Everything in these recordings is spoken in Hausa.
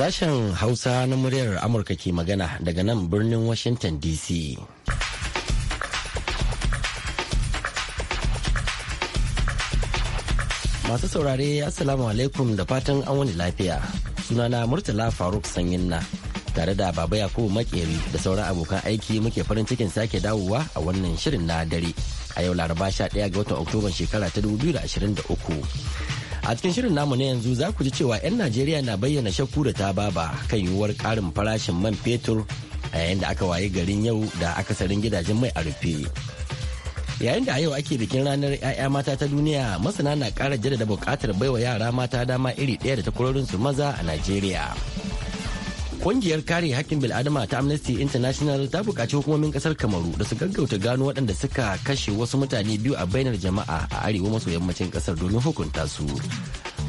Sashen Hausa na muryar Amurka ke magana daga nan birnin Washington DC. Masu saurare Assalamu alaikum da fatan an wani lafiya. Sunana Murtala Faruk sanyin na tare da Baba Yakubu Makeri da sauran abokan aiki muke farin cikin sake dawowa a wannan shirin na dare. A yau Laraba 11 ga watan oktoba shekara ta 2023. A cikin shirin namu na yanzu za ku ji cewa 'yan Najeriya na bayyana shakku da ta baba kan yiwuwar ƙarin farashin man fetur a yayin da aka waye garin yau da akasarin gidajen mai a rufe. Yayin da a yau ake bikin ranar 'ya'ya mata ta duniya masana na ƙara jaddada buƙatar baiwa yara mata dama iri ɗaya da takwarorinsu maza a Najeriya. Kungiyar kare hakkin bil'adama ta Amnesty International ta bukaci hukumomin ƙasar Kamaru da su gaggauta gano waɗanda suka kashe wasu mutane biyu a bainar jama'a a arewa maso yammacin ƙasar domin hukunta su.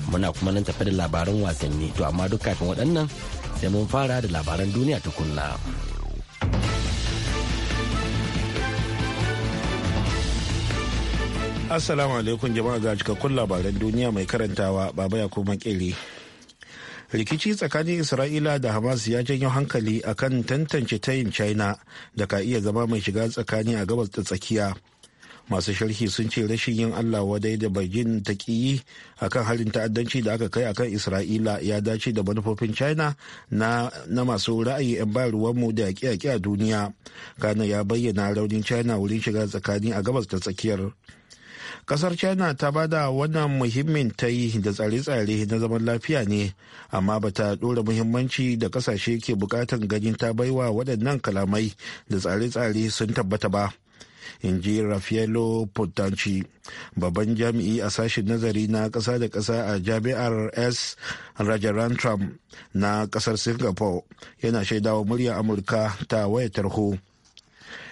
Muna kuma nan tafi da labaran wasanni to amma duk kafin waɗannan sai mun fara da labaran duniya tukunna. Assalamu alaikum jama'a ga cikakkun labaran duniya mai karantawa baba ya kuma kere. rikici tsakanin isra'ila da hamas ya janyo hankali akan tantance tayin china da ka iya zama mai shiga tsakani a gabas da tsakiya masu sharhi sun ce rashin yin allah wadai da bai ta kiyi akan harin ta'addanci da aka kai akan isra'ila ya dace da manufofin china na, masu ra'ayi 'yan ruwanmu da yaƙi a duniya kana ya bayyana raunin china wurin shiga tsakani a gabas da tsakiyar kasar china ta bada wannan muhimmin ta yi da tsare-tsare na zaman lafiya ne amma ba ta dora muhimmanci da kasashe ke bukatan ganin ta baiwa waɗannan kalamai da tsare-tsare sun tabbata ba in ji babban jami'i a sashen nazari na ƙasa da ƙasa a jami'ar s rajarantram na ƙasar singapore yana shaidawa murya amurka ta waya tarho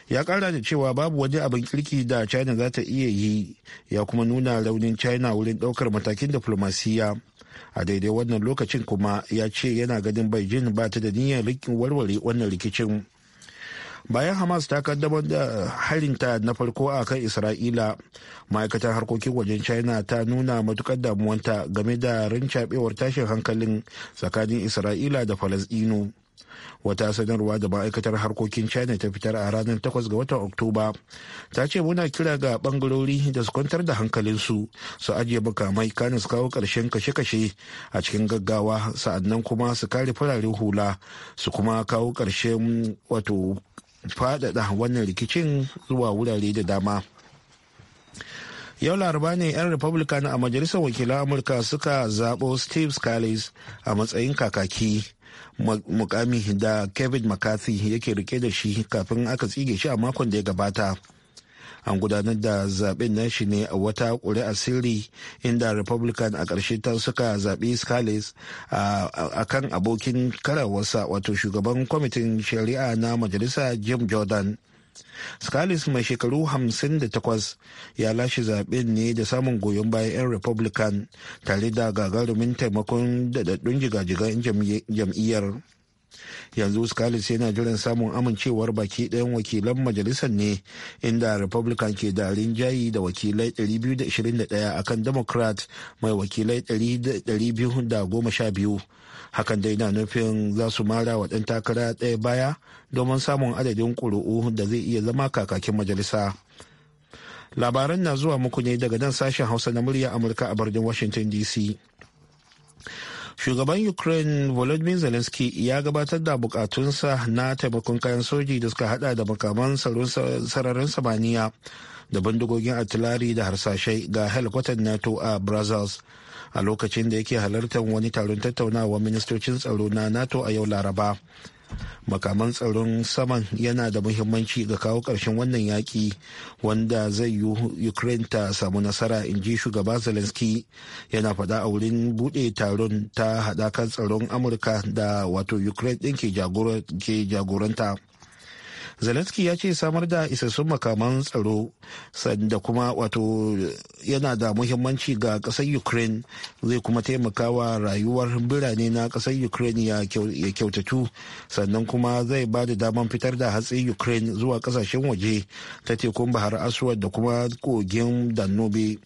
ya kara da cewa babu wani abin kirki da china za ta iya yi ya kuma nuna raunin china wurin daukar matakin diflomasiyya a daidai wannan lokacin kuma ya ce yana ganin beijing ba ta da niyyar rikin warware wannan rikicin bayan hamas ta kaddamar da harinta na farko a kan isra'ila ma'aikatar harkokin wajen china ta nuna matukar damuwanta game da rincabewar tashin hankalin tsakanin isra'ila da falasdino wata sanarwa da ma'aikatar harkokin china ta fitar a ranar 8 ga watan oktoba ta ce muna kira ga bangarori da su kwantar da hankalinsu su ajiye makamai kana su kawo karshen kashe-kashe a cikin gaggawa sa'annan kuma su kare fararen hula su kuma kawo karshen wato fadada wannan rikicin zuwa wurare da dama yau laraba ne 'yan republican a majalisar wakilan amurka suka zaɓo steve scalise a matsayin kakaki mukami da kevin mccarthy yake rike da shi kafin aka tsige shi a makon da ya gabata an gudanar da zaben na shi ne a wata ƙuri'a sirri inda republican a ƙarshe ta suka zaɓi scales a kan abokin karawarsa wato shugaban kwamitin shari'a na majalisa jim jordan Scalise mai shekaru 58 ya lashe zaɓen ne da samun goyon bayan 'yan Republican tare da gagarumin taimakon daɗaɗɗun jigajigan jam'iyyar. yanzu scales yana jiran samun amincewar baki ɗayan wakilan majalisar ne inda republican ke da rinjayi da wakilai 221 akan democrat mai wakilai 212 hakan dai na nufin za su mara wa ɗan takara ɗaya baya domin samun adadin ƙuri'u da zai iya zama kakakin majalisa labaran na zuwa muku ne daga nan sashen hausa na murya amurka a birnin washington dc shugaban ukraine volodymyr zelensky ya gabatar da bukatunsa na taimakon kayan soji da suka hada da makaman sararin samaniya da bindigogin artillery da harsashai ga helikwatar nato a brazils a lokacin da yake halartar wani taron tattaunawa ministocin tsaro na nato a yau laraba makaman tsaron saman yana da muhimmanci ga kawo ƙarshen wannan yaƙi wanda zai yi ukraine ta samu nasara in ji shugaba zelensky yana faɗa a wurin buɗe taron ta hadakar tsaron amurka da wato ukraine ɗin ke jagoranta zelensky ya ce samar da isassun makaman tsaro da kuma wato yana da muhimmanci ga ƙasar ukraine zai kuma taimaka wa rayuwar birane na ƙasar ukraine ya kyautatu sannan kuma zai ba da daman fitar da hatsi ukraine zuwa ƙasashen waje ta tekun bahar aswad da kuma kogin danube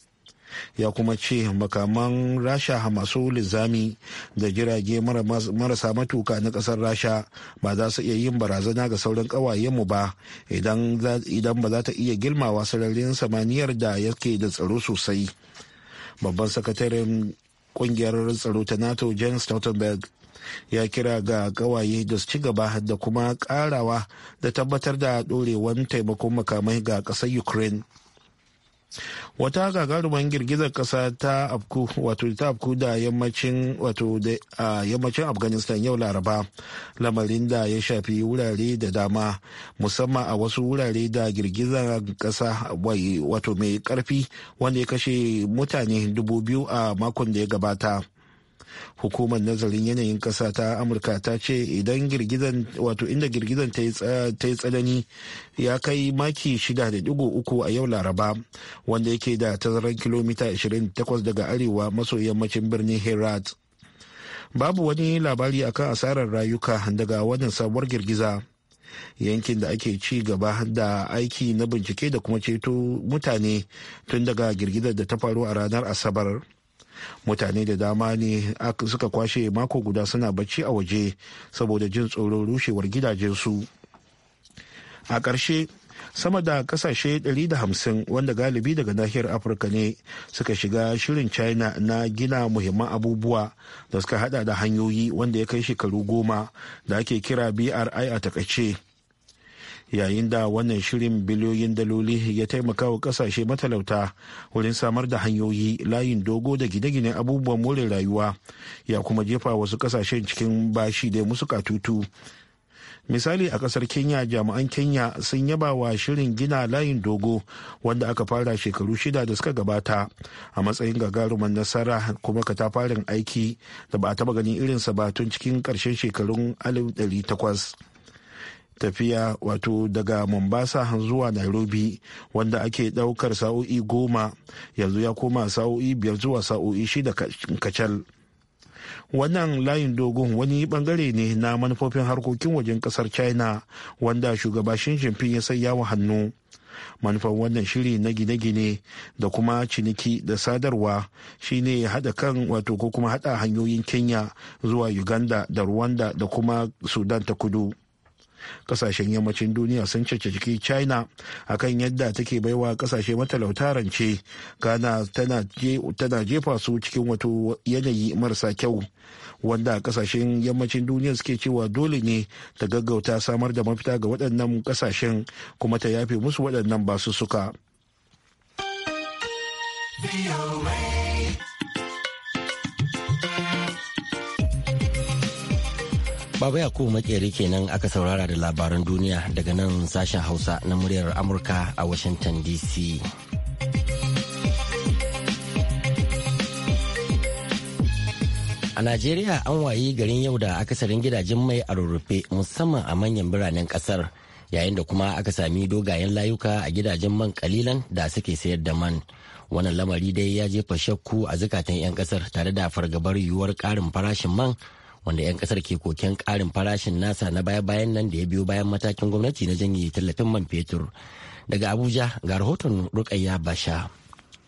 ya kuma ce makaman rasha masu lizami da jirage marasa matuka na kasar rasha ba za su iya yin barazana ga sauran mu ba idan ba za ta iya girmawa sararin samaniyar da yake da tsaro sosai babban sakataren kungiyar tsaro ta nato james stoltenberg ya kira ga gawaye da su ci gaba da kuma karawa da tabbatar da dorewan taimakon makamai ga ƙasar ukraine wata gagarumin girgizar kasa ta afku wato ta afku da yammacin wato da yammacin afghanistan yau laraba lamarin da ya shafi wurare da dama musamman a wasu wurare da girgizar kasa wato mai karfi wanda ya kashe mutane dubu biyu a makon da ya gabata hukumar nazarin yanayin kasa ta amurka ta ce idan girgizan wato inda girgizan ta yi tsanani ya kai maki 6.3 a yau laraba wanda yake da tazarar kilomita 28 daga arewa maso yammacin birnin herat babu wani labari akan asarar rayuka daga wannan sabuwar girgiza yankin da ake ci gaba da aiki na bincike da kuma ceto mutane tun daga girgizar da ta faru a ranar asabar mutane da dama ne suka kwashe mako guda suna bacci a waje saboda jin tsoron rushewar gidajensu a ƙarshe sama da kasashe 150 wanda galibi daga nahiyar afirka ne suka shiga shirin china na gina muhimman abubuwa da suka hada da hanyoyi wanda ya kai shekaru goma da ake kira bri a takaice yayin da wannan shirin biliyoyin daloli ya taimaka wa kasashe matalauta wurin samar da hanyoyi layin dogo da gine-gine abubuwan more rayuwa ya kuma jefa wasu kasashen cikin bashi da musu katutu misali a kasar kenya jami'an kenya sun yaba wa shirin gina layin dogo wanda aka fara shekaru shida da suka gabata a matsayin gagaruman nasara kuma katafarin aiki da ba a taba ganin irinsa ba tun cikin ƙarshen shekarun 1800 tafiya wato daga mombasa zuwa nairobi wanda ake daukar sa'o'i goma yanzu ya koma sa'o'i biyar zuwa sa'o'i shida kacal wannan layin dogon wani bangare ne na manufofin harkokin wajen kasar china wanda shugaba shi Jinping ya sanya wa hannu manufan wannan shiri na gine-gine da kuma ciniki da sadarwa shine hada kan wato ko kuma hada hanyoyin kenya zuwa uganda da rwanda da kuma sudan ta kudu kasashen yammacin duniya sun ciki china akan yadda take baiwa kasashe matalauta rance ghana tana jefa su cikin wato yanayi marasa kyau wanda kasashen yammacin duniya suke cewa dole ne ta gaggauta samar da mafita ga waɗannan kasashen kuma ta yafe musu waɗannan basussuka. suka. Baba Yakubu Makeri kenan aka saurara da labaran duniya daga nan sashen Hausa na muryar Amurka a Washington DC. A Najeriya an wayi garin yau da akasarin gidajen mai a rurrufe musamman a manyan biranen kasar yayin da kuma aka sami dogayen layuka a gidajen man kalilan da suke sayar da man. Wannan lamari dai ya jefa shakku a zukatan 'yan kasar tare da fargabar yiwuwar karin farashin man wanda 'yan kasar ke koken karin farashin nasa na baya-bayan nan da ya biyo bayan matakin gwamnati na janye tallafin man fetur daga abuja ga rahoton rukayya basha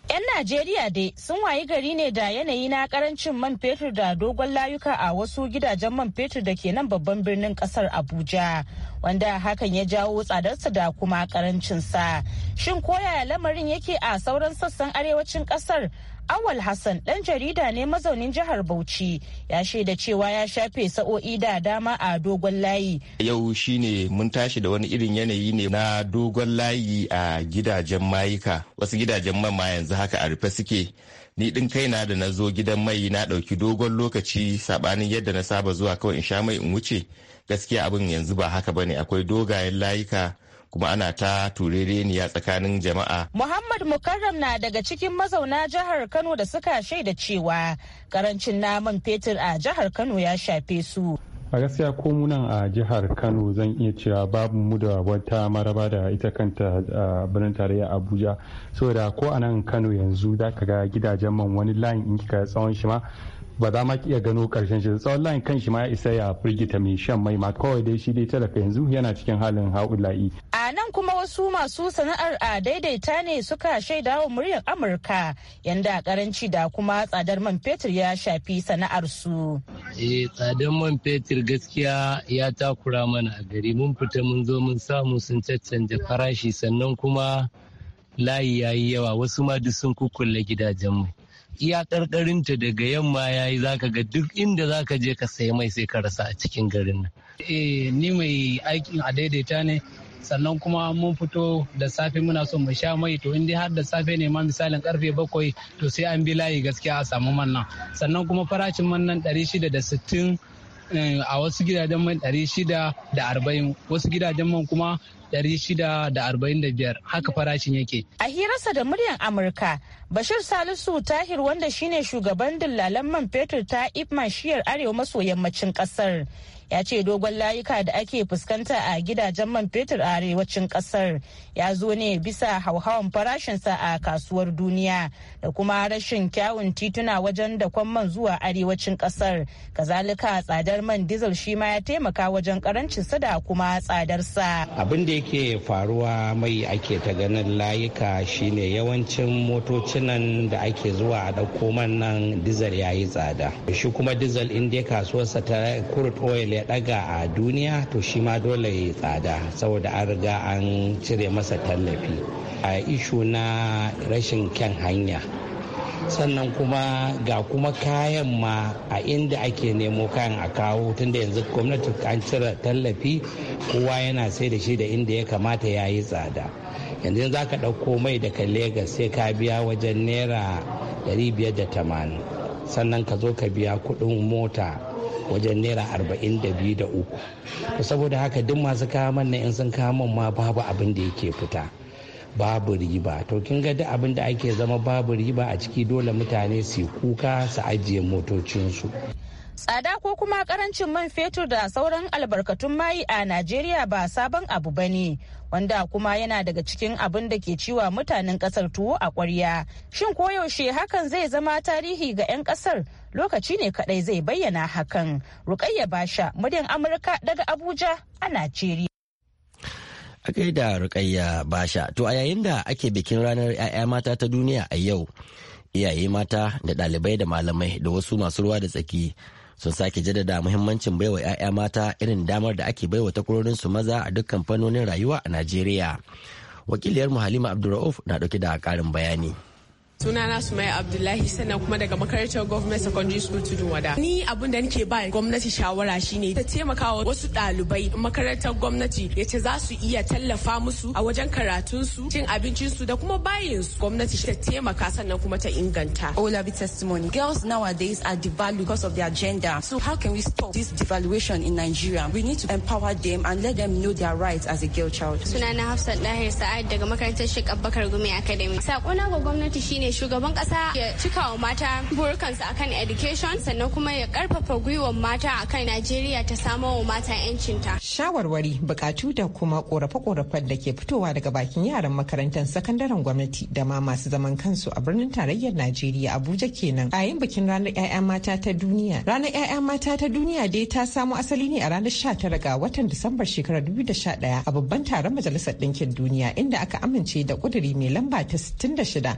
'Yan Najeriya dai sun wayi gari ne da yanayi na karancin man fetur da dogon layuka a wasu gidajen man fetur da ke nan babban birnin kasar Abuja, wanda hakan ya jawo tsadarsa da kuma karancinsa. Shin koya lamarin yake a sauran sassan arewacin kasar Awal Hassan ɗan jarida ne mazaunin jihar Bauchi ya shaida cewa ya shafe sa'o'i da dama a dogon layi. Yau shine mun tashi da wani irin yanayi ne na dogon layi a gidajen mayuka. Wasu gidajen man ma yanzu haka a rufe suke. Ni ɗin na da na zo gidan mai na ɗauki dogon lokaci saɓanin yadda na saba zuwa kawai in sha mai in wuce. Gaskiya abin yanzu ba haka bane akwai dogayen layuka kuma ana ta turereniya tsakanin jama'a. Muhammad Mukarram na daga cikin mazauna jihar Kano da suka shaida cewa karancin naman fetur a jihar Kano ya shafe su. a gaskiya ko munan a jihar kano zan iya cewa babu mu da wata maraba da ita kanta birnin tarayya abuja saboda ko a nan kano yanzu za ka ga gidajen man wani layin in kika tsawon shi ma ba za ma ki iya gano karshen shi tsawon layin kan shi ma ya isa ya firgita mai shan mai ma kawai dai shi dai talaka yanzu yana cikin halin haula'i. a nan kuma wasu masu sana'ar a daidaita ne suka shaida wa muryar amurka yanda karanci da kuma tsadar man fetur ya shafi sana'ar su. eh tsadar man fetur gaskiya ya takura mana a gari mun fita mun zo mun samu sun caccanja farashi sannan kuma layi yayi yawa wasu ma duk sun kukkulle gidajen mu. iya ƙarƙarinta daga yamma ya yi zaka ga duk inda zaka je ka sai mai sai ka rasa a cikin garin nan. Eh ni mai aikin a daidaita ne sannan kuma mun fito da safe muna so mu sha mai to inda har da safe ne ma misalin karfe bakwai to sai an bi layi gaskiya a samu man nan sannan kuma farashin man nan ɗari shida da sittin eh, a wasu gidajen man ɗari shida da arba'in wasu gidajen man kuma 645 haka farashin yake. A hirarsa da muryar Amurka, Bashir Salisu Tahir wanda shine shugaban dillalan man fetur ta Ipman shiyar Arewa maso yammacin ƙasar. ya ce dogon layuka da ake fuskanta a gidajen man fetur a arewacin kasar ya zo ne bisa hauhawan farashinsa a kasuwar duniya da kuma rashin kyawun tituna wajen da man zuwa arewacin kasar kazalika tsadar man dizal shi ma ya taimaka wajen karancinsa da kuma tsadar sa abin da yake faruwa mai ake ta ganin layuka shine yawancin motocin nan da ake zuwa a dauko man nan dizal yayi tsada shi kuma dizal in dai kasuwarsa ta kurut oil ya daga a duniya to shi ma dole ya tsada saboda an riga an cire masa tallafi a ishu na rashin kyan hanya sannan kuma ga kuma kayan ma a inda ake nemo kayan a kawo tunda yanzu gwamnati an cire tallafi kowa yana sai da shi da inda ya kamata ya yi tsada yanzu za ka ɗauko mai daga legas sai ka biya wajen naira 580 sannan ka zo ka biya kuɗin mota wajen naira arba'in da biyu da uku saboda haka duk masu kaman na in sun kaman ma babu abin da yake fita babu riba to kin ga duk abin da ake zama babu riba a ciki dole mutane su kuka su ajiye motocinsu Tsada ko kuma karancin man fetur da sauran albarkatun mayi a Najeriya ba sabon abu bane wanda kuma yana daga cikin abin da ke ciwa mutanen kasar tuwo a ƙwarya. Shin koyaushe hakan zai zama tarihi ga 'yan kasar lokaci ne kadai zai bayyana hakan. Rukayya Basha, muryar Amurka daga Abuja a Najeriya. a gaida rukayya basha to a yayin da ake bikin ranar 'ya'ya mata ta duniya a yau iyaye mata da ɗalibai da malamai da wasu masu ruwa da tsaki sun sake jaddada muhimmancin baiwa 'ya'ya mata irin damar da ake baiwa takwarorinsu maza a dukkan fannonin rayuwa a najeriya wakiliyar halima abdulra'uf na dauke da ƙarin bayani sunana sumaya abdullahi sannan kuma daga makarantar government secondary school tudun wada ni abin da nake ba gwamnati shawara shine ta taimakawa wasu ɗalibai makarantar gwamnati ce za su iya tallafa musu a wajen karatunsu cin abincinsu da kuma bayinsu gwamnati ta taimaka sannan kuma ta inganta olabi testimony girls nowadays are devalued because of their gender so how can we stop this devaluation in nigeria we need to empower them and let them know their rights as a girl child sunana hafsat lahir sa'ad daga makarantar sheik abubakar gumi academy sakona ga gwamnati shine ne shugaban kasa ya cika wa mata burukansu akan education sannan kuma ya karfafa gwiwar mata akan Najeriya ta samo wa mata 'yancinta. Shawarwari, bukatu da kuma korafe-korafen da ke fitowa daga bakin yaran makarantar sakandaren gwamnati da ma masu zaman kansu a birnin tarayyar Najeriya Abuja kenan. A yin bikin ranar 'ya'ya mata ta duniya. Ranar 'ya'ya mata ta duniya dai ta samo asali ne a ranar 19 ga watan Disambar shekarar 2011 a babban taron Majalisar Ɗinkin Duniya inda aka amince da ƙuduri mai lamba ta 66 da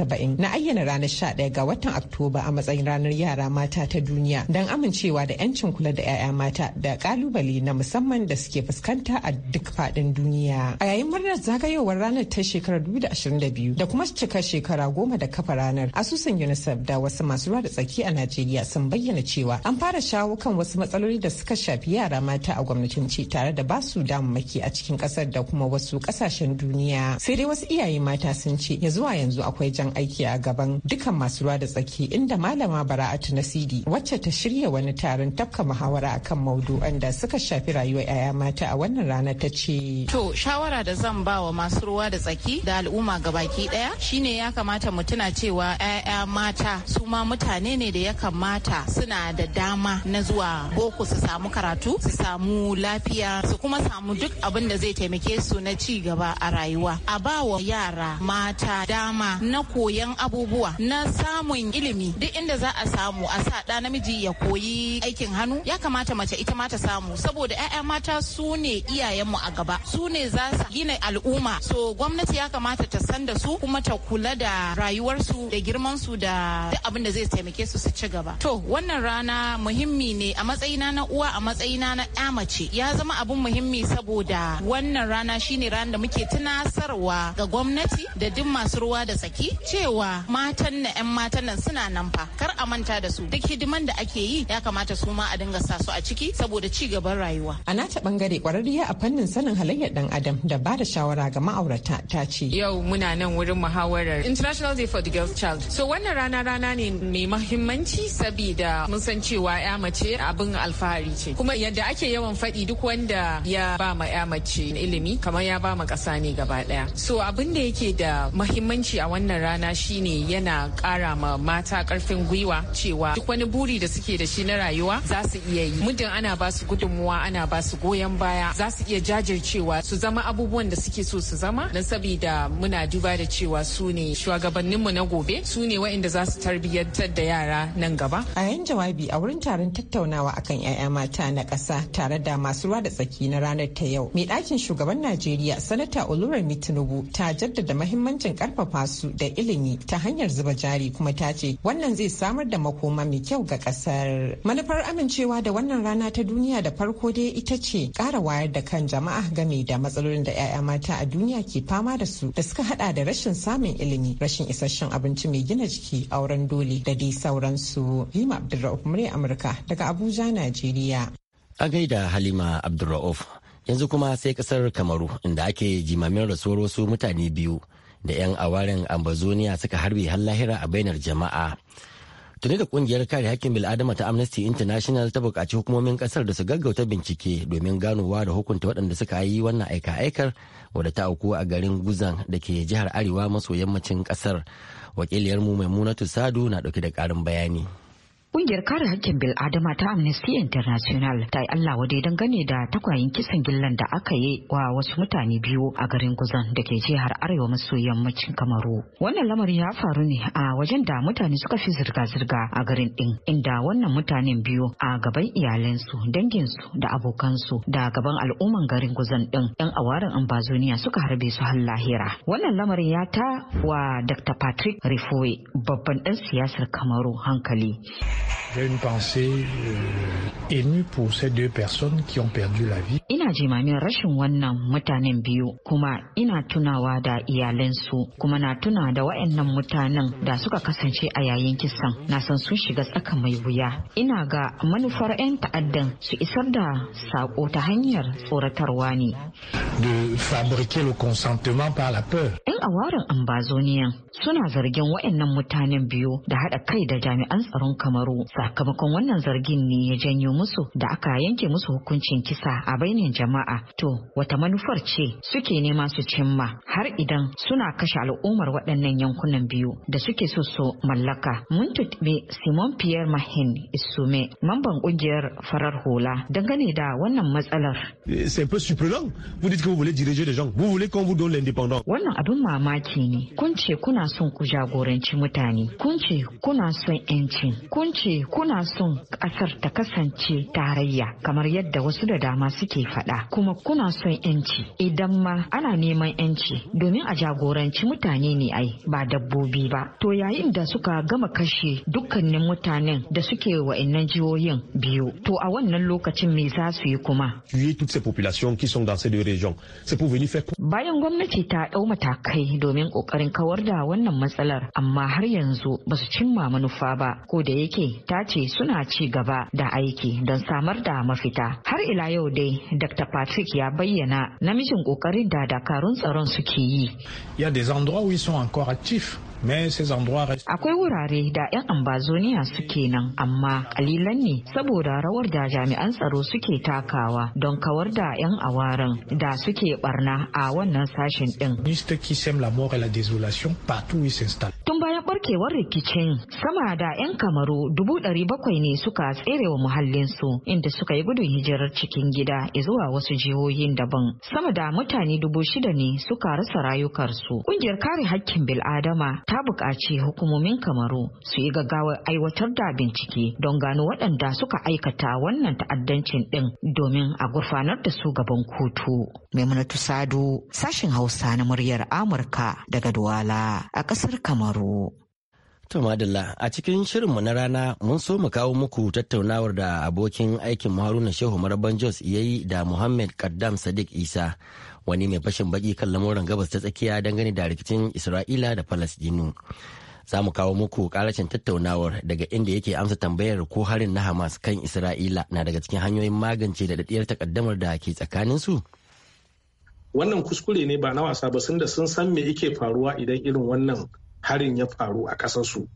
1970 na ayyana ranar 11 ga watan Oktoba a matsayin ranar yara mata ta duniya don amincewa da 'yancin kula da 'ya'ya mata da kalubale na musamman da suke fuskanta a duk faɗin duniya. A yayin murnar zagayowar ranar ta shekarar 2022 da kuma cika shekara goma da kafa ranar asusun UNICEF da wasu masu ruwa da tsaki a Najeriya sun bayyana cewa an fara shawo kan wasu matsaloli da suka shafi yara mata a gwamnatanci tare da basu damammaki a cikin ƙasar da kuma wasu kasashen duniya. Sai dai wasu iyaye mata sun ce ya zuwa yanzu akwai jan jan aiki a gaban dukan masu ruwa da tsaki inda malama bara'atu na sidi wacce ta shirya wani taron tafka muhawara akan maudu'an da suka shafi rayuwar 'ya'ya mata a wannan rana ta ce. To shawara da zan ba wa masu ruwa da tsaki da al'umma ga baki daya shine ya kamata mu tuna cewa 'ya'ya mata su ma mutane ne da ya kamata suna da dama na zuwa boko su samu karatu su samu lafiya su kuma samu duk abin da zai taimake su na ci gaba a rayuwa. A ba wa yara mata dama na ku koyan abubuwa na samun ilimi duk inda za a samu a sa ɗa namiji ya koyi aikin hannu ya kamata mace ita ma ta samu saboda 'ya'ya mata su ne iyayenmu a gaba su ne za su gina al'umma so gwamnati ya kamata ta san da su kuma ta kula da rayuwarsu da girman su da duk abin da zai taimake su su ci gaba to wannan rana muhimmi ne a matsayina na uwa a matsayina na 'ya mace ya zama abin muhimmi saboda wannan rana shine ranar da muke tunasarwa ga gwamnati da duk masu ruwa da tsaki cewa matan na 'yan matan nan suna nan fa kar a manta da su duk hidiman da ake yi ya kamata su ma a dinga sa su a ciki saboda ci gaban rayuwa. A nata bangare kwararriya a fannin sanin halayyar dan adam da ba da shawara ga ma'aurata ta ce. Yau muna nan wurin muhawarar International Day for the Girl Child. So wannan rana rana ne mai mahimmanci saboda mun san cewa ya mace abin alfahari ce. Kuma yadda ake yawan faɗi duk wanda ya ba ma ya mace ilimi kamar ya ba ma ƙasa ne gaba ɗaya. So abin da yake da mahimmanci a wannan rana na shine yana kara ma mata karfin gwiwa cewa duk wani buri da suke da shi na rayuwa za su iya yi muddin ana ba su gudunmuwa ana ba su goyon baya za su iya jajircewa su zama abubuwan da suke so su zama don sabida muna duba da cewa su ne shugabannin mu na gobe su ne waɗanda za su tarbiyyantar da yara nan gaba a yayin jawabi a wurin taron tattaunawa akan 'ya'ya mata na ƙasa tare da masu ruwa da tsaki na ranar ta yau mai ɗakin shugaban najeriya sanata oluremi tinubu ta jaddada mahimmancin karfafa su da ilimin ilimi ta hanyar zuba jari kuma ta ce wannan zai samar da makoma mai kyau ga kasar. Manufar amincewa da wannan rana ta duniya da farko dai ita ce kara wayar da kan jama'a game da matsalolin da 'ya'ya mata a duniya ke fama da su da suka hada da rashin samun ilimi, rashin isasshen abinci mai gina jiki, auren dole da dai sauransu. Hima Abdulra'uf murya Amurka daga Abuja, Najeriya. A gaida Halima Abdulra'uf yanzu kuma sai kasar Kamaru inda ake jimamin rasuwar wasu mutane biyu da 'yan awarin ambazoniya suka harbe har lahira a bainar jama'a tuni da kungiyar kare hakkin bil'adama ta amnesty international ta buƙaci hukumomin ƙasar da su gaggauta bincike domin ganowa da hukunta waɗanda suka yi wannan aika-aikar wadda ta auku a garin guzan da ke jihar arewa maso yammacin ƙasar wakiliyarmu maimunatu sadu na ɗauke da ƙarin bayani Ƙungiyar kare haƙƙin bil'adama ta Amnesty International ta yi Allah wade gane da takwayin kisan gillan da aka yi wa wasu mutane biyu a garin Guzan da ke jihar Arewa maso yammacin Kamaru. Wannan lamarin ya faru ne a wajen da mutane suka fi zirga-zirga a garin ɗin inda wannan mutanen biyu a gaban iyalansu, danginsu da abokansu da gaban al'umman garin Guzan ɗin 'yan awarin ambazoniya suka harbe su har lahira. Wannan lamarin ya ta wa Dr. Patrick Rifoe babban ɗan siyasar Kamaru hankali. J'ai une pensée euh, émue pour ces deux personnes qui ont perdu la vie. Ina jimamin rashin wannan mutanen biyu kuma ina tunawa da iyalansu kuma na tuna da waɗannan mutanen da suka kasance a yayin kisan na san sun shiga tsaka mai wuya. Ina ga manufar 'yan ta'addan su isar da sako ta hanyar tsoratarwa ne. De fabriquer le consentement par la peur. awarin ambazoniyan suna zargin waɗannan mutanen biyu da haɗa kai da jami'an tsaron kamaru sakamakon wannan zargin ne ya janyo musu da aka yanke musu hukuncin kisa a bainin jama'a to wata manufar ce suke nema su cimma har idan suna kashe al'ummar waɗannan yankunan biyu da suke so su mallaka mun tutbe simon pierre mahin isume mamban ƙungiyar farar hula dangane da wannan matsalar. C'est un peu surprenant. Vous dites que vous voulez diriger les gens. Vous voulez qu'on vous donne Wannan abin mamaki ne kun ce kuna son ku jagoranci mutane kun ce kuna son yanci kun ce kuna son kasar ta kasance tarayya kamar yadda wasu da dama suke faɗa kuma kuna son yanci idan ma ana neman yanci domin a jagoranci mutane ne ai ba dabbobi ba to yayin da suka gama kashe dukkanin mutanen da suke wa'annan jihohin biyu to a wannan lokacin me za su yi kuma bayan gwamnati ta dau matakai kai domin kokarin kawar da wannan matsalar amma har yanzu ba su cimma manufa ba ko da yake ta ce suna ci gaba da aiki don samar da mafita har ila yau dai dr patrick ya bayyana namijin kokarin da dakarun tsaron suke yi Ya des endroits où ils Akwai wurare da 'yan ambazoniya suke nan amma kalilan ne saboda rawar da jami'an tsaro suke takawa don kawar da 'yan awaran da suke barna a wannan sashen din. Tun bayan barkewar rikicin sama da 'yan kamaru dubu ɗari bakwai ne suka tsere wa muhallinsu inda suka yi gudun hijirar cikin gida zuwa wasu jihohin daban. Sama da mutane dubu shida ne suka rasa rayukarsu. Ƙungiyar kare hakkin bil'adama ta buƙaci hukumomin kamaru su yi gaggawar aiwatar da bincike don gano waɗanda suka aikata wannan ta'addancin ɗin domin a gurfanar da su gaban kotu. Maimunatu Sadu sashin Hausa na muryar Amurka daga Duwala a ƙasar Kamaru. To a cikin shirin mu na rana mun so mu kawo muku tattaunawar da abokin aikin Haruna Shehu Maraban Jos ya yi da Muhammad Kaddam Sadiq Isa wani mai fashin baki kan lamuran gabas ta tsakiya dangane da rikicin isra'ila da falasdinu za mu kawo muku karashin tattaunawar daga inda yake amsa tambayar ko harin na hamas kan isra'ila na daga cikin hanyoyin magance da daɗiyar takaddamar da ke tsakaninsu wannan kuskure ne ba na wasa ba sun da sun san me yake faruwa idan irin wannan harin ya faru a ƙasarsu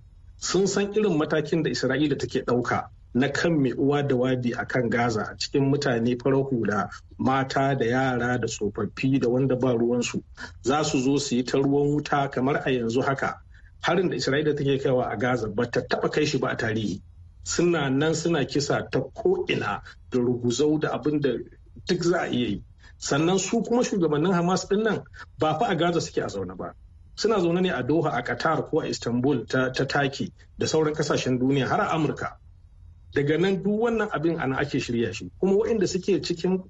sun san irin matakin da isra'ila take ɗauka na kan mai uwa da wabi a kan gaza cikin mutane farar hula mata da yara da tsofaffi da wanda ba ruwansu za su zo su yi ta ruwan wuta kamar a yanzu haka harin da isra'ila take kaiwa a gaza ba ta taɓa kai shi ba a tarihi suna nan suna kisa ta ko'ina da ruguzau da abin da duk za a iya yi sannan su kuma shugabannin hamas ɗin nan ba fa a gaza suke a zaune ba suna zaune ne a doha a qatar ko a istanbul ta, ta taki da sauran kasashen duniya har a amurka daga nan duk wannan abin ana ake shirya shi kuma waɗanda suke cikin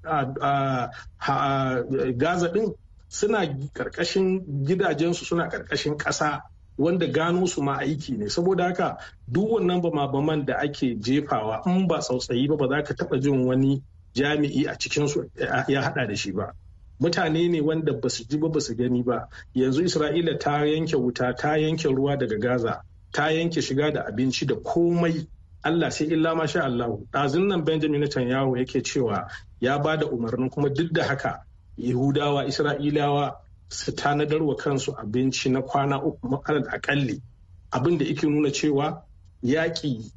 gaza ɗin suna karkashin gidajensu suna karkashin ƙasa wanda gano su ma aiki ne saboda haka duk wannan bama baman da ake jefawa in ba tsautsayi ba ba za ka taɓa jin wani jami'i a cikinsu ya haɗa da shi ba mutane ne wanda ba su ji ba ba su gani ba yanzu isra'ila ta yanke wuta ta yanke ruwa daga gaza ta yanke shiga da abinci da komai Allah sai illa masha Allahu ɗazun nan Benjamin Netanyahu yake cewa ya ba da umarnin kuma duk da haka Yahudawa Isra'ilawa su tanadar wa kansu abinci na kwana uku makarar akalli abin da yake nuna cewa yaƙi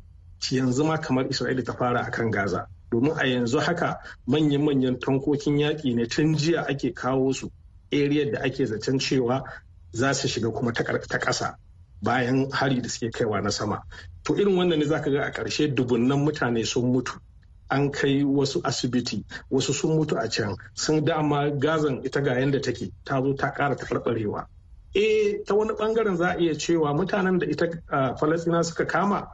yanzu ma kamar Isra'ila ta fara akan Gaza. domin a yanzu haka manyan-manyan tankokin yaƙi ne tun jiya ake kawo su area da ake zaton cewa za su shiga kuma ta ƙasa bayan hari da suke kaiwa na sama to irin wannan ne zaka ga a ƙarshe dubunnan mutane sun mutu an kai wasu asibiti wasu sun mutu a can sun dama gazan ita ga yadda take ta zo ta ƙara taɓarɓarewa eh ta wani bangaren za a iya cewa mutanen da ita ah, falasina suka kama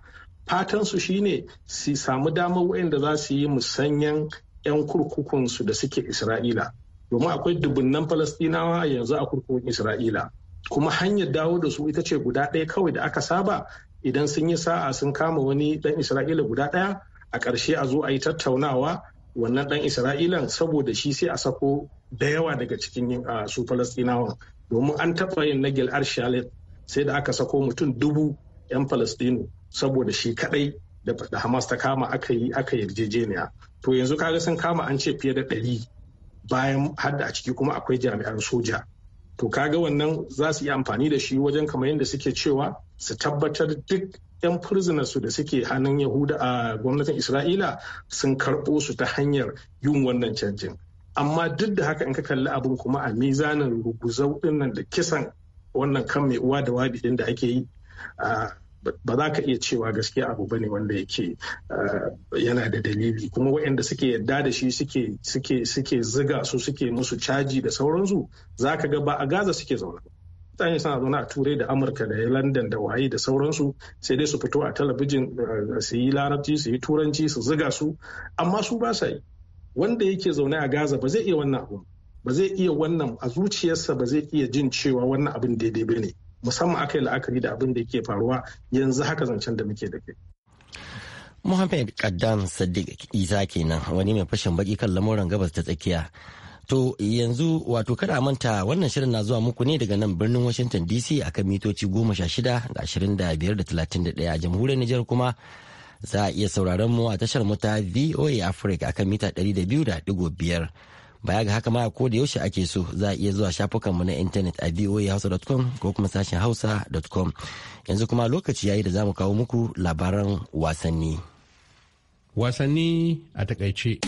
fatansu shine su samu damar waɗanda za su yi musanyan 'yan kurkukunsu da suke isra'ila domin akwai dubunnan falastinawa yanzu a kurkukun isra'ila kuma hanyar dawo da su ita ce guda ɗaya kawai da aka saba idan sun yi sa'a sun kama wani ɗan isra'ila guda ɗaya a ƙarshe a zo a yi tattaunawa wannan ɗan isra'ilan saboda shi sai a sako da yawa daga cikin su falastinawan domin an taɓa yin nagel arshalet sai da aka sako mutum dubu 'yan falastinu saboda shi kadai da hamas ta kama aka yi aka yarjejeniya to yanzu kaga sun kama an ce fiye da ɗari bayan hadda a ciki kuma akwai jami'an soja to kaga wannan za su yi amfani da shi wajen kamar yadda suke cewa su tabbatar duk 'yan prisoners su da suke hannun yahuda a gwamnatin isra'ila sun karɓo su ta hanyar yin wannan canjin amma duk da haka in ka kalli abin kuma a mizanin ruguzau ɗin nan da kisan wannan kan mai uwa da wabi ɗin da ake yi ba za ka iya cewa gaskiya abu bane wanda yake eh, yana da dalili kuma waɗanda suke yadda da shi suke ziga su suke musu caji da sauransu za ka ga ba a gaza suke zaune mutane suna zaune a turai da amurka da london da waye da sauransu sai dai su fito a talabijin eh, su yi larabci su yi turanci su ziga su amma su ba sa yi wanda yake zaune a gaza ba zai iya wannan abu ba zai iya wannan a zuciyarsa ba zai iya jin cewa wannan abin daidai ba ne musamman aka la'akari da abin da yake faruwa yanzu haka zancen da muke da kai. Muhammad Kaddam Sadiq Isa kenan wani mai fashin baki kan lamuran gabas ta tsakiya. To yanzu wato kada manta wannan shirin na zuwa muku ne daga nan birnin Washington DC akan mitoci goma sha shida da ashirin da biyar da talatin da ɗaya jamhuriyar Nijar kuma za a iya sauraron mu a tashar mu ta VOA Africa akan mita ɗari da biyu baya ga haka ma ko da yaushe ake so za a iya zuwa shafukanmu na intanet a voahausa.com ko kuma sashen hausa.com yanzu kuma lokaci yayi da za mu kawo muku labaran wasanni wasanni a takaice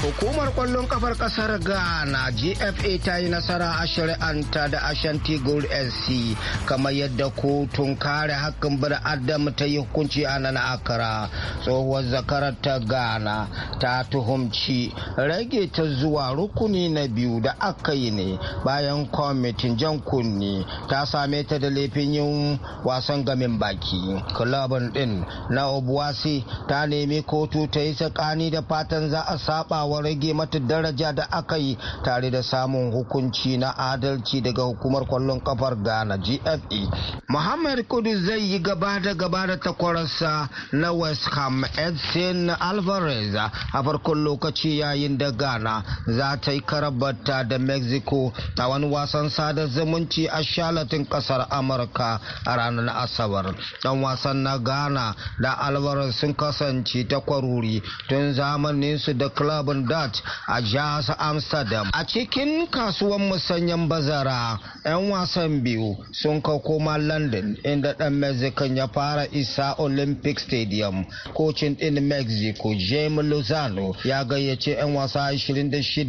Hukumar kwallon kafar kasar Ghana GFA ta yi nasara a shari'anta da Ashanti Gold SC kamar yadda kotun kare hakkin bil Adam ta yi hukunci a nan Accra. Tsohuwar zakarar ta Ghana ta tuhumci rage ta zuwa rukuni na biyu da aka yi ne bayan kwamitin jan kunni ta same ta da laifin yin wasan gamin baki. Kulabin din na Obuasi ta nemi kotu ta yi tsakani da fatan za a saba wa rage mata daraja da aka yi tare da samun hukunci na adalci daga hukumar kwallon kafar ghana gfe muhammad kudu zai yi gaba da gaba da takwararsa na west ham edson alvarez a farkon lokaci yayin da ghana za ta yi karabata da mexico a wani wasan sada zumunci a shalatin kasar amurka a ranar asabar dan wasan na ghana da alvarez sun kasance takwaruri tun zamaninsu da klabin a jihar Amsterdam. A cikin kasuwan musanyen bazara 'yan wasan biyu sun ka koma London inda ɗan Mexico ya fara isa Olympic Stadium. Kocin ɗin Mexico James Lozano ya gayyace 'yan wasa 26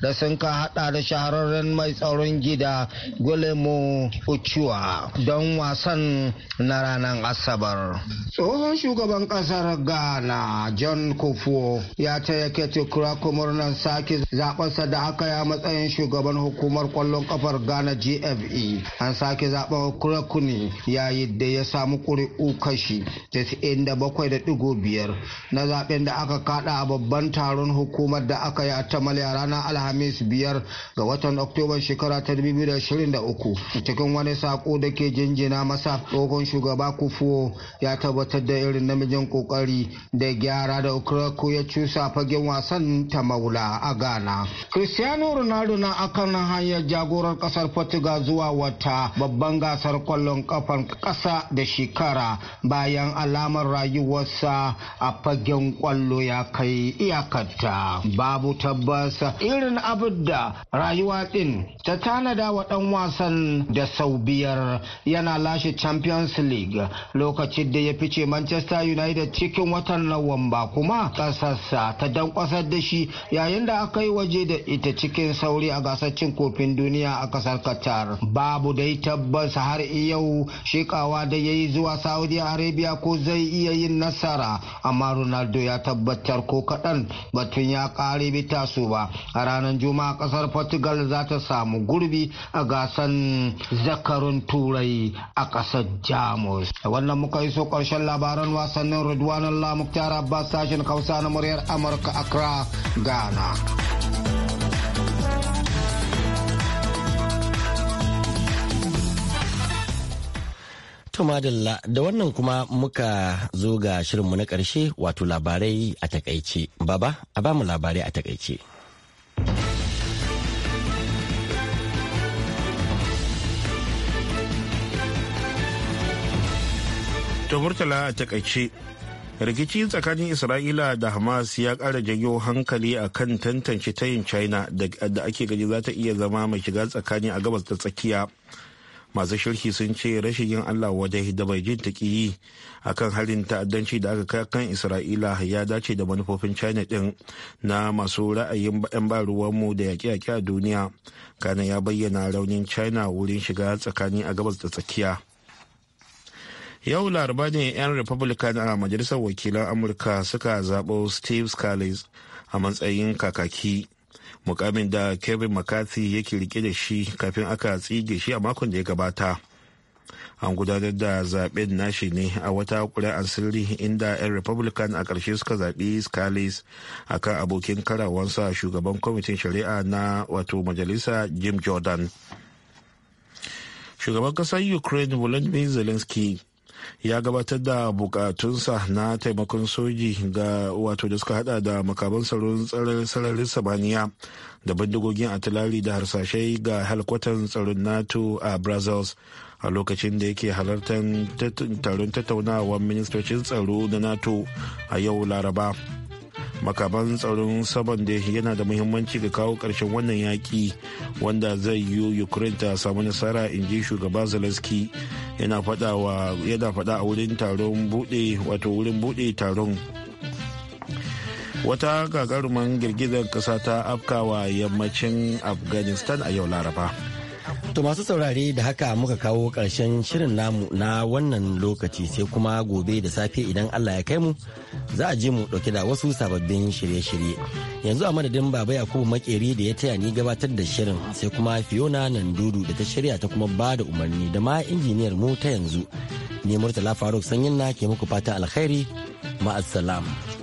da sun ka hada da shahararren mai tsaron gida Guillermo Ochoa don wasan na ranar Asabar. Tsohon shugaban ƙasar Ghana John Kufuor ya taya Ketikura taya ku murnan sake zaɓensa da aka yi a matsayin shugaban hukumar kwallon kafar Ghana GFE. An sake zaɓen Kurakuni yi da ya samu ƙuri'u kashi 97.5 na zaɓen da aka kaɗa a babban taron hukumar da aka yi a Tamale ranar Alhamis biyar ga watan Oktoban shekara ta 2023 cikin wani sako da ke jinjina masa tsohon shugaba kufuo ya tabbatar da irin namijin kokari da gyara da ukraku ya cusa fagen wasan ta maula a Ghana. Cristiano Ronaldo na akan hanyar jagorar kasar Portugal zuwa wata babban gasar kwallon kafan kasa da shekara bayan alamar rayuwarsa a fagen kwallo ya kai iyakarta. Babu tabbas irin abinda rayuwa din ta tanada wa dan wasan da sau biyar yana lashe Champions League lokacin da ya fice Manchester United cikin watan nawamba kuma kasarsa ta dan kwasar da shi yayin da aka yi waje da ita cikin sauri a gasar cin kofin duniya a kasar qatar babu dai tabbas har yau shekawa da ya yi zuwa saudi arabia ko zai iya yin nasara amma ronaldo ya tabbatar ko kaɗan batun ya kare bita su ba a ranar juma'a kasar portugal za ta samu gurbi a gasan zakarun turai a kasar jamus wannan muka yi so karshen labaran wasannin rudwanan muktar abbas sashen hausa na muryar amurka accra Ghana. Tumadilla da wannan kuma muka zo ga shirinmu na ƙarshe wato labarai a takaice. Baba, a bamu labarai a takaice. To Murtala a takaice rikici tsakanin isra'ila da hamas ya kara janyo hankali a kan tantance tayin china da ake gani za ta iya zama mai shiga tsakani a gabas da tsakiya masu shirki sun ce rashin yin allah wadai da bai jin taƙiyi a kan harin ta'addanci da aka kai kan isra'ila ya dace da manufofin china din na masu ra'ayin 'yan ba ruwanmu da yaƙe-yaƙe a duniya kana ya bayyana raunin china wurin shiga tsakani a gabas da tsakiya yau laraba ne 'yan republican a majalisar wakilan amurka suka zaɓo steve scalise a matsayin kakaki mukamin da kevin mccarthy yake rike da shi kafin aka tsige shi a makon da ya gabata an gudanar da zaben nashi ne a wata kuri'ar sirri inda 'yan republican a ƙarshe suka zaɓi a akan abokin karawansa shugaban kwamitin shari'a na wato majalisa jim jordan shugaban ƙasar ukraine volodymyr zelensky ya gabatar da bukatunsa na taimakon soji ga wato da suka hada da makaman tsaron sararin samaniya da bindigogin atilari da harsashai ga halkwatan tsaron nato a brazils a lokacin da yake halartar taron tattaunawar ministocin tsaro na nato a yau laraba makaman tsaron saman da yana da muhimmanci ga kawo karshen wannan yaƙi wanda zai yi ukraine ta samu nasara in ji shugaba zelensky yana fada a wurin taron buɗe wato wurin buɗe taron wata gagarumin girgizar ƙasa ta afkawa yammacin afghanistan a yau laraba To masu saurare da haka muka kawo ƙarshen shirin namu na wannan lokaci sai kuma gobe da safe idan Allah ya kai mu za a je mu ɗauke da wasu sababbin shirye-shirye. Yanzu a madadin Baba Yakubu Makeri da ya taya ni gabatar da shirin sai kuma Fiona Nandudu da ta shirya ta kuma ba da umarni da ma injiniyar mu ta yanzu. Ni Murtala Faruk Sanyin na ke muku fata alkhairi ma'assalam.